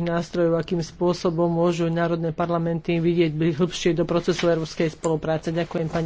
najlepších nástrojov, akým spôsobom môžu národné parlamenty vidieť hĺbšie do procesu európskej spolupráce. Ďakujem pani